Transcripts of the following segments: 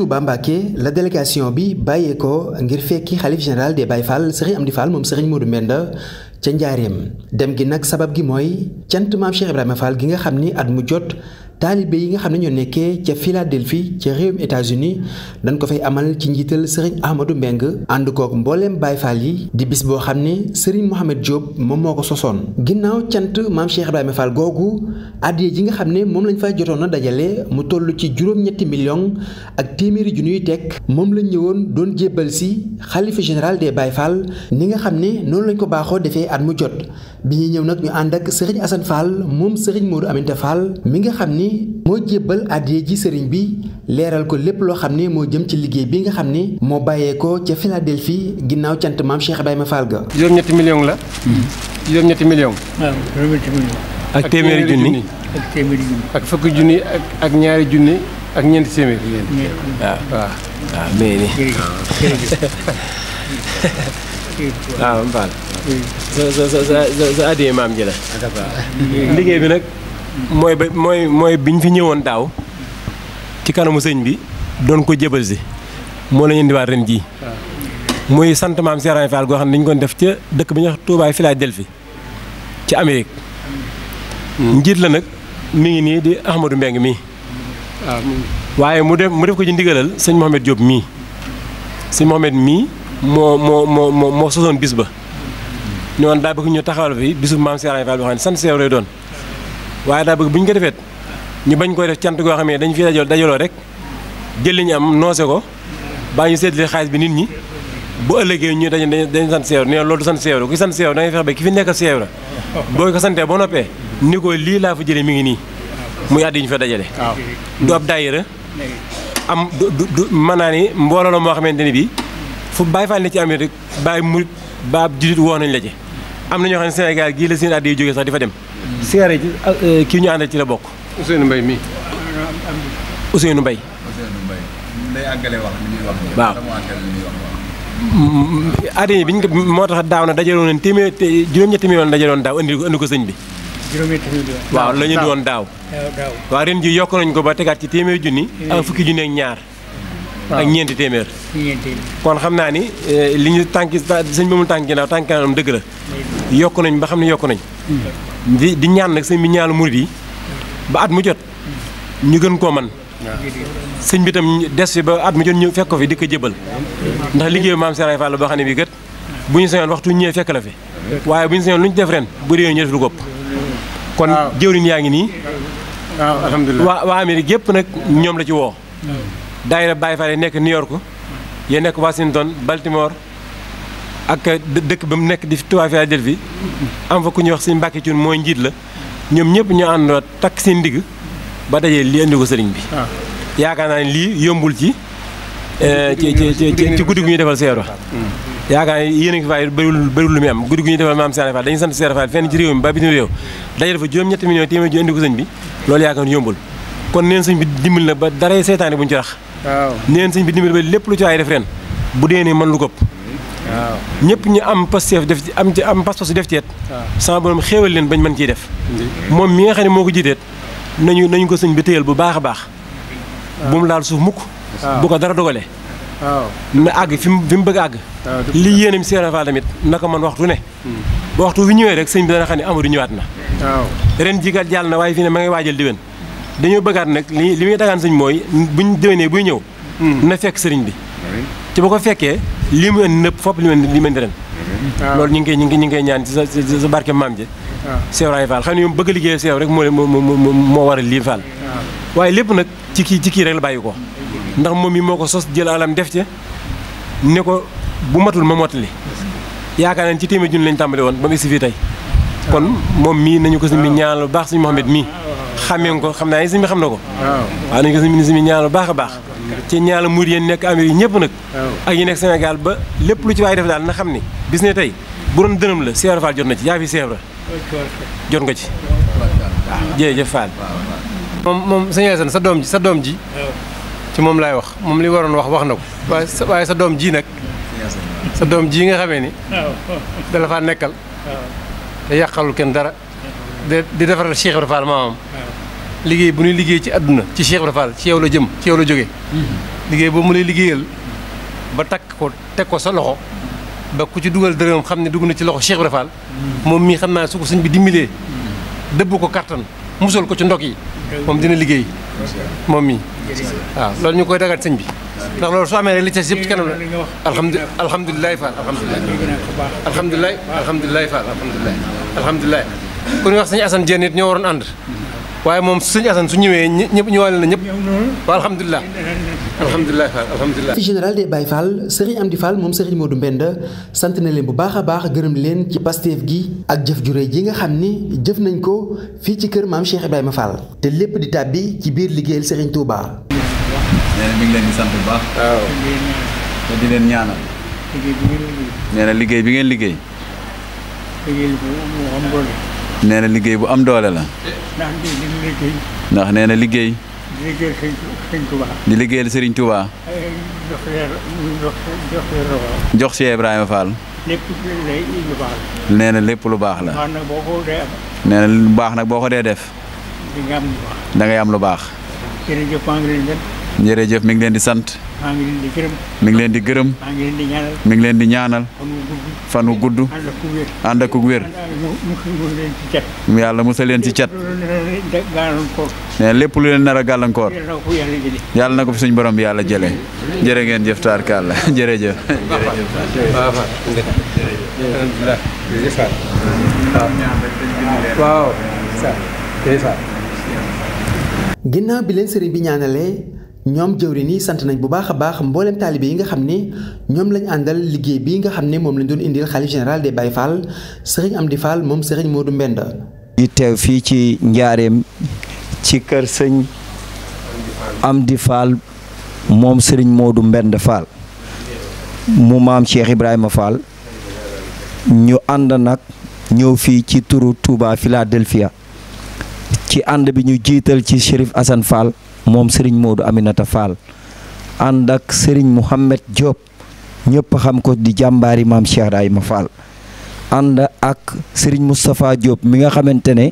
Touba Mbacké la délégation bi bàyyee ko ngir fekki xalif de des Baye Fall Serigne di Fall moom Serigne Modou Mbenda ca Njaareem dem gi nag sabab gi mooy cant maam Cheikh Ibrahima Fall gi nga xam ni at mu jot taalibe yi nga xam ne ñoo nekkee ca Philadelphie ca réewum états uni dañ ko fay amal ci njiital sëriñ Ahmadou Mbeng ànd kook mbooleem Baay Faal yi di bis boo xam ne sëriñ Mohamed Diop moom moo ko sosoon ginnaaw cant maam Cheikh Ibrahima Fall googu addiya ji nga xam ne moom lañ fay jotoon a dajale mu toll ci juróom-ñetti million ak téeméeri junniy teg moom lañ ñëwoon doon jébbal si xalifa général des Baay Faal ni nga xam ne noonu lañ ko baaxoo defee at mu jot bi ñuy ñëw nag ñu ànd ak sëriñ Assane Fall moom sëriñ Modou Aminta Fall mi nga xam ni moo jébbal addiya ji sëriñ bi leeral ko lépp loo xam ni moo jëm ci liggéey bi nga xam ni moo bàyyeekoo ca Philadelphie ginnaaw cant maam Cheikh Ibrahima Fall ga. juróom-ñetti million la. juróom-ñetti million. waaw juróom ak téeméeri junni ak téeméeri junni. ak ñaari junni ak ñeenti téeméer. waaw waaw waaw mais waaw ah, bi nag mooy ba mooy mooy biñ fi ñëwoon daaw ci kanamu sëñ bi doon ko jëbal si moo la ñu indiwaat ren jii muy sant maam Serigne Fall goo xam ne dañu ko def ca dëkk bi ñuy wax Touba Philadelphie ci Amérique njiit la nag mi ngi nii di Ahmadou Mbeng mii ah, waaye mu def mu def ko ci ndigalal sëñ Mohamed Diop mii sëñ Mohamed mii moo moo moo moo moo sosoon bis ba ñoo daa bëgg ñu taxawal fi bisu maam Serigne Fall boo xam ne sant seew lay doon waaye daa bëgg bu ñu ko defeet ñu bañ koy def cant goo xam ne dañu fi dajal dajaloo rek jël am noose ko baa ñu seetlee xaalis bi nit ñi bu ëllëgee ñu dañ dañ sant ne loolu du sant seew ku sant seew da ngay fex ba ki fi nekkal seew la boo ko santee ba noppee ni ko lii laa fa jëlee mi ngi nii muy àddi ñu fa dajale du ab daayira am du du mën naa moo xamante ni bii fu Baay Faal li ci rek Baay Murit baab julit woo nañ la ci am na ñoo xam ne Sénégal gii la seen addi yi jógee sax di fa dem. sigaret ji ah, euh, kii ñu àndal ci la bokk. Ousseynou Mbaye mii. Ousseynou Mbaye. yi mm, bi ñu moo tax daaw na dajaloon nañ téeméer juróom-ñetti million dajaloon daaw indi ko indi ko sëñ bi. waaw la ñu di woon daaw. waaw ren ji yokk nañ ko ba tegaat ci téeméer junni. ak fukki junni ñaar. ak ñeenti téeméer. kon xam naa ni eh, li ñu tànki sëñ bi mu tànk ginnaaw tànk kanam dëgg la. yokk nañ ba xam ne yokk nañ. di ñaan nag sëñ bi ñaanu murid yi ba at mu jot ñu gën koo man sëñ bi tam des fi ba at mu jot ñu fekk ko fi di ko jëbal ndax liggéeyu maam Serigne Fall boo xam ne bi kat bu ñu sañoon waxtu ñëwee fekk la fi. waaye bu ñu sañoon lu ñu def ren bu réew ñu def lu gopp kon jëwriñ yaa ngi nii. waaw waa waa Amérique yëpp nag ñoom la ci woo. Hmm. daayira Baye Fall yi nekk New York ya nekk Washington Baltimore ak dëkk bi mu nekk di Tuubaa Philadelphie am fa ku ñuy wax suñu Mbàkke Cuun mooy njiit la ñoom ñëpp ñoo àndoo takk seen ndigg ba dajee li indi ko sëriñ bi ah. yaakaar naa ne lii yombul ci eh, ci guddi gu ñu defal seero yaakaar naa yéen a ngi fi waaye bëriwul bëriwul am guddi gu ñu defal maam Seex Ibra Faal dañuy sant Seex Ibra Faal fenn ci réew mi ba bitim réew dajee dafa juróom-ñetti million téeméer ju indi ko sëriñ bi loolu yombul kon neen sëñ bi dimbali na ba daray seytaane bu ñu ci rax. waaw neen sëñ bi dimbali ba lépp lu ci def ren bu dee nii mën lu këpp waaw ñëpp ñu am pasteef def ci am ci am pas-pasu def ceet et. waaw sama borom xéewal leen bañ mën ciy def. moom mi nga xam ne moo ko jiiteet nañu nañu ko sëñ bi téyal bu baax a baax. bu mu laal suuf mukk bu ko dara dogalee. waaw na àgg fi mu fi mu bëgg àgg. li yéenam Serigne Fall tamit naka man waxtu ne. Hmm. ba waxtu wi ñëwee rek sëñ bi dana xam ne Amadou ñëwaat na. waaw ren jigal jàll na waaye ma ngay waajal diwen dañoo bëggaat nag li li muy dagaan sëñ mooy buñ déwénee buy ñëw. Hmm. na fekk sëriñ bi. ci ba ko fekkee lii mu indi nëpp fopp li mu indi li mu loolu ñu ngi koy ñu ngi ñu ngi koy ñaan ci sa sa barke maam ji. waaw Seew Faal xam ne moom bëgg liggéey Seew rek moo moo moo moo a lii Faal. waaye lépp nag ci kii ci kii rek la bàyyi ko. ndax moom mi moo ko sos jël alam def ci ne ko bu matul ma mottali. yaakaar naa ne ci téeméer junni lañ tàmbali woon ba mu egsi fii tey. kon moom mii nañu ko si ñaan lu baax suñu Mouhamed mii. xamee ko xam naa ne sëñ bi xam na ko. waaw nañ ko sëñ bi baax a baax. ci ñaanal muur yéen nekk Amérique ñëpp nag. ak yi nekk Sénégal ba lépp lu ci waay def daal na xam ni. bis ne tey bu doon dërëm la Cheikh Fall jot na ci yaa fi Cheikh jot nga ci. waaw jërëjëf moom moom sëñ Aysane sa doom ji sa doom ji. ci moom laay wax moom li waroon wax wax na ko waaye sa waaye sa doom ji nag. sa doom ji nga xamee ni. dala faa nekkal. te yàqalul kenn dara. di defaral Cheikh Ibra Fall maamam liggéey bu nuy liggéey ci àdduna ci Cheikh Ibra Fall ci yow la jëm ci yow la jóge liggéey boobu mu lay liggéeyal ba takk ko teg ko sa loxo ba ku ci dugal dërëm xam ne dugg na ci loxo Cheikh Ibra Fall moom mii xam naa su ko sëñ bi dimbalee dëbb ko kattan musal ko ci ndog yi moom dina liggéey moom mii waaw loolu ñu koy dagat sëñ bi ndax loolu soo amee rek li ci yëpp ci kanam la alhamdulilah alhamdulilah Fall alhamdulilah alhamdulilah alhamdulilah Fall ku ñuy wax sëñ Assane Dieng it ñoo waroon ànd waaye moom sëñ Assane su ñëwee ñëpp ñëwaale na ñëpp waaw alhamdulilah alhamdulilah Fall alhamdulilah. ci général des Baye Fall Serigne Amdi Fall moom Serigne Modou sant na leen bu baax a baax gërëm leen ci pasteef gi ak jëf jure ji nga xam ni jëf nañ ko fii ci kër maam Cheikh ma Fall te lépp di tàbbi ci biir liggéeyal Serigne Touba. baax. waaw liggéey bi ngeen liggéey. nee liggéey bu am doole la. ndax nee na liggéey. di liggéeyal Serigne Touba. di jox si Ibrahima Fall. lépp nee na lépp lu baax la. nee na lu baax nag boo ko dee def. dangay am lu baax. jërëjëf maa jërëjëf mi ngi leen di sant. maa leen di gërëm. mi ngi leen di gërëm. ñaanal. mi ngi leen di ñaanal. fan wu gudd. ànd ak mu yàlla musal leen ci cat. mais lépp lu leen nar a gàllankoor. yàlla na ko fi suñu borom bi yàlla jële jërë ngeen jëf taar kàlla jërëjëf. waaw. bi leen sëriñ bi ñaanalee. ñoom jëwriñ nii sant nañ bu baax a baax mbooleem taalibe yi nga xam ne ñoom lañu àndal liggéey bi nga xam ne moom lañ doon indil xalif général des Baye Fall sëriñ Amdi Fall moom sëriñ Modou Mbenda di teew fii ci njaareem ci kër sëñ Amdi Fall moom sëriñ Modou mbend Fall mu maam Cheikh Ibrahima Fall ñu ànd nag ñëw fii ci turu Touba Philadelphia ci ànd bi ñu jiital ci Chérif Assane Fall moom Serigne Modou Aminata Fall ànd ak Serigne Mouhamed Diop ñépp xam ko di jàmbaari maam Cheikh Ibrahima Fall ànd ak sëriñ Moustapha Diop mi nga xamante ne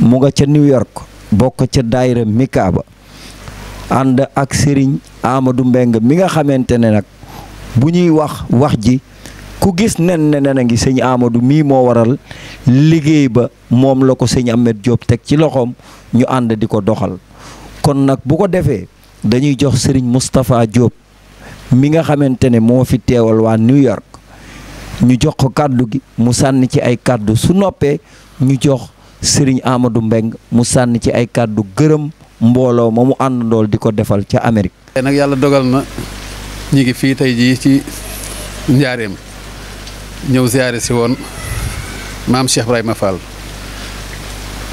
mu nga ca New York bokk ca daayira Mika ba ànd ak sëriñ amadu Mbeng mi nga xamante ne nag bu ñuy wax wax ji ku gis nen ne nen a ngi sëñ Amadou mii moo waral liggéey ba moom la ko sëñ Ahmed Diop teg ci loxoom ñu ànd di ko doxal kon nag bu ko defee dañuy jox sëriñ Moustapha Diop mi nga xamante ne moo fi teewal waa New York ñu jox ko kàddu gi mu sànni ci ay kàddu su noppee ñu jox Serigne Amadou Mbeng mu sànni ci ay kàddu gërëm mbooloo ma mu àndandool di ko defal ca Amérique. nag yàlla dogal na ñu ngi fii tey jii ci njaareem ñëw ziare si woon maam Cheikh Ibrahima Fall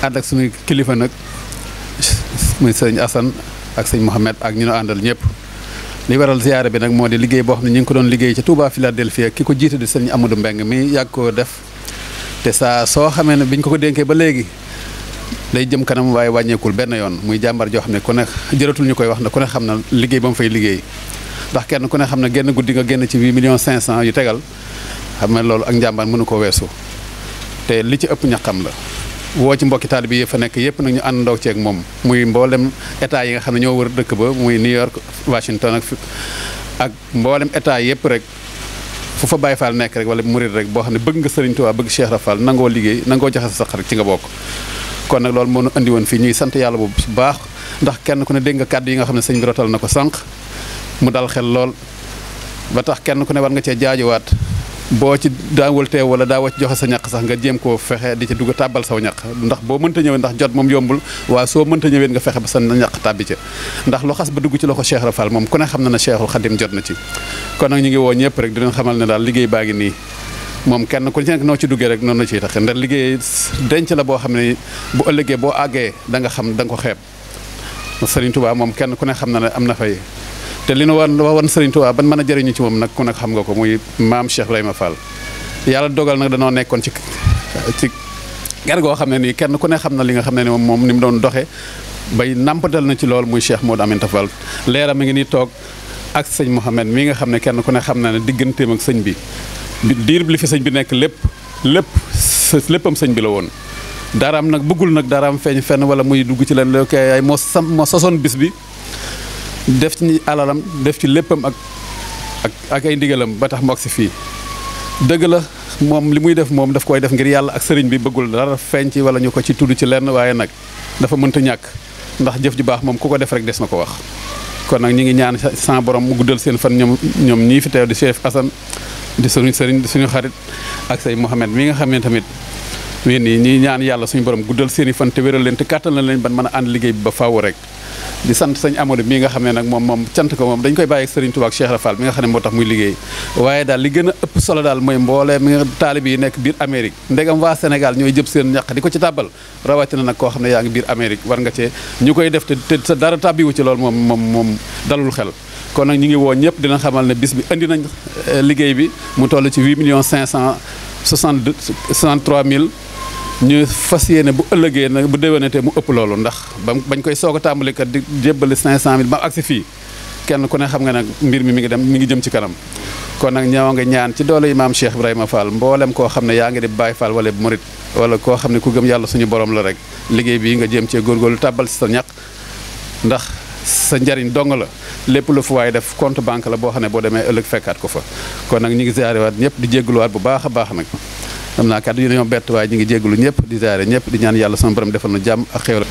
ànd ak suñu kilifa nag. muy sëñ asan ak sëñ Mouhamed ak ñu nu àndal ñëpp li waral ziyaare bi nag moo di liggéey boo xam ne ñu ngi ko doon liggéey ca Touba Philadelphie ki ko jiite di sëñ Amadou Mbeng mi yàgg ko def te saa soo xamee ne biñ ko ko dénkee ba léegi day jëm kanam waaye wàññeekul benn yoon muy jàmbar joo xam ne ku ne jëratul ñu koy wax ne ku ne xam na liggéey ba mu fay liggéey ndax kenn ku ne xam ne genn guddi nga génn ci million millions 500 yu tegal xam ne loolu ak mënu ko weesu te li ci ëpp ñaqam la woo ci mbokki taalibe yi fa nekk yëpp nag ñu àndandoo ceeg moom muy mboolem état yi nga xam ne ñoo wër dëkk ba muy New York Washington ak ak mboolem état yëpp rek fu fa Baay Faal nekk rek wala murid rek boo xam ne bëgg nga Sëriñ waa bëgg Cheikh Ibra Fall nangoo liggéey nangoo joxe sa xarit ci nga bokk kon nag loolu moo nu indiwoon woon fii ñuy sant yàlla bu baax ndax kenn ku ne dégg nga kàddu yi nga xam ne sëñ bi rotal na ko sanq mu dal xel lool ba tax kenn ku ne war nga cee jaajuwaat boo ci daawul teew wala daawoo ci joxe sa ñaq sax nga jéem koo fexe di ci dugg tàbbal saw ñaq ndax boo mënta ñëwee ndax jot moom yombul waaye soo mënta ñëwee nga fexe ba sa ñaq tàbbi ca ndax lu xas ba dugg ci loxo Cheikh Rafal moom ku ne xam na ne Cheikhul Xadim jot na ci kon nag ñu ngi woo ñëpp rek dinañ xamal ne daal liggéey baa nii moom kenn ku ci noo ci duggee rek noonu la ciy tax ndax liggéey denc la boo xam ne bu ëllëgee boo àggee da nga xam da nga ko xeeb Sëriñ Tuubaa moom kenn ku ne xam na ne am na fay te li nu war wan Serigne Touba ban mën a jëriñu ci moom nag ku nag xam nga ko muy maam Cheikh Ibrahima Fall yàlla dogal nag danoo nekkoon ci ci goo xam ne nii kenn ku ne xam na li nga xam ne ni moom ni mu doon doxee bay nampatal na ci lool muy Cheikh moo Aminta Fall leera mi ngi nii toog ak sëñ Mouhamed mii nga xam ne kenn ku ne xam na ne digganteem ak sëñ bi diir bi li fi sëñ bi nekk lépp lépp léppam sëñ bi la woon daraam nag bëggul nag daraam feeñ fenn wala muy dugg ci leen loko moo sam moo sosoon bis bi def ci ni alalam def ci léppam ak ak ak ay ndigalam ba tax mu si fii dëgg la moom li muy def moom daf koy def ngir yàlla ak sëriñ bi bëggul dara feeñ ci wala ñu ko ci tudd ci lenn waaye nag dafa mënta ñàkk ndax jëf ju baax moom ku ko def rek des na ko wax kon nag ñu ngi ñaan sa borom mu guddal seen fan ñoom ñoom ñii fi teew di Cheikh Assane di suñu sëriñ di suñu xarit ak say Mohamed mi nga xam ne tamit ween yi ñuy ñaan yàlla suñu borom guddal seen i fan te wéral leen te kàttal na leen ban mën a ànd liggéey bi ba faaw rek di sant sañ amadu mii nga xam nag moom moom cant ko moom dañ koy bàyyi Serigne Touba ak Cheikh Rafal mi nga xam ne moo tax muy liggéey waaye daal li gën a ëpp solo daal mooy mboolee mi nga taalib yi nekk biir Amérique ndegam waa Sénégal ñooy jëp seen ñàq di ko ci tàbbal rawatina nag koo xam ne yaa ngi biir Amérique war nga cee ñu def te te dara tàbbiwu ci loolu moom moom moom dalul xel kon nag ñu ngi woo ñëpp dina xamal ne bis bi indi nañ eh, bi mu toll ci 8 millions 500 63 mille ñu fas yéene bu ëllëgee nag bu déwénatee mu ëpp loolu ndax ba bañ koy soog a tàmbali kat di jébbali 500000 ba agsi fii kenn ku ne xam nga nag mbir mi mi ngi dem mi ngi jëm ci kanam kon nag ñoo nga ñaan ci doole maam Cheikh Ibrahima Fall mboolem koo xam ne yaa ngi di Baay Fall wala murit wala koo xam ne ku gëm yàlla suñu borom la rek liggéey bii nga jéem cee góorgóorlu tàbbal si sa ñaq ndax sa njariñ dong la lépp lu fu waaye def compte banque la boo xam ne boo demee ëllëg fekkaat ko fa kon nag ñu ngi ziarewaat ñëpp di jéggluwaat bu baax a baax nag xam naa kàddu yi dañoo bett waaye ñu ngi jégalu ñëpp di ziare ñëpp di ñaan yàlla sama borom defal na jàmm ak xéwal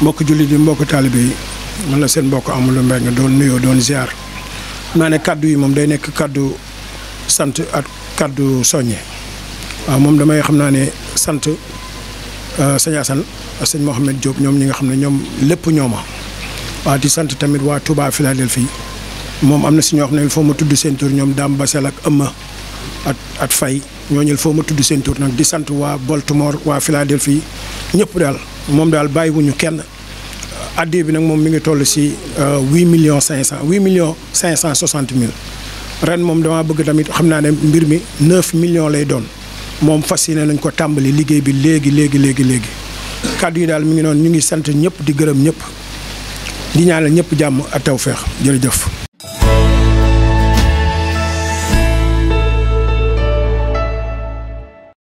mbokk jullit yi mbokk taalibe yi man la seen mbokk amul mbay nga doon nuyoo doon ziar naa ne kàddu yi moom day nekk kàddu sant ak kàddu soññe moom damay xam naa ne sant euh, sëñ Assane ak sëñ Mouhamed ñoom ñi nga xam ne ñoom lépp ñooma waaw di sant tamit waa Touba Philadelphie moom am na si ñoo ne il faut ma tudd seen tur ñoom Dame Basel ak Ëmma ak ak Faye ñoo il faut ma tudd seen tur nag di sant waa Baltimore waa Philadelphie ñëpp daal moom daal bàyyiwuñu kenn addé bi nag moom mi ngi toll si euh, huit million cinq cent huit millions cinq cent soixante mille ren moom damaa bëgg tamit xam naa ne mbir mi neuf millions lay doon moom fas ne nañ ko tàmbali liggéey bi léegi léegi léegi léegi kàddu yi daal mi ngi noonu ñu ngi sant ñëpp di gërëm ñëpp di ñaanal ñëpp jàmm ak tawféex jërëjëf.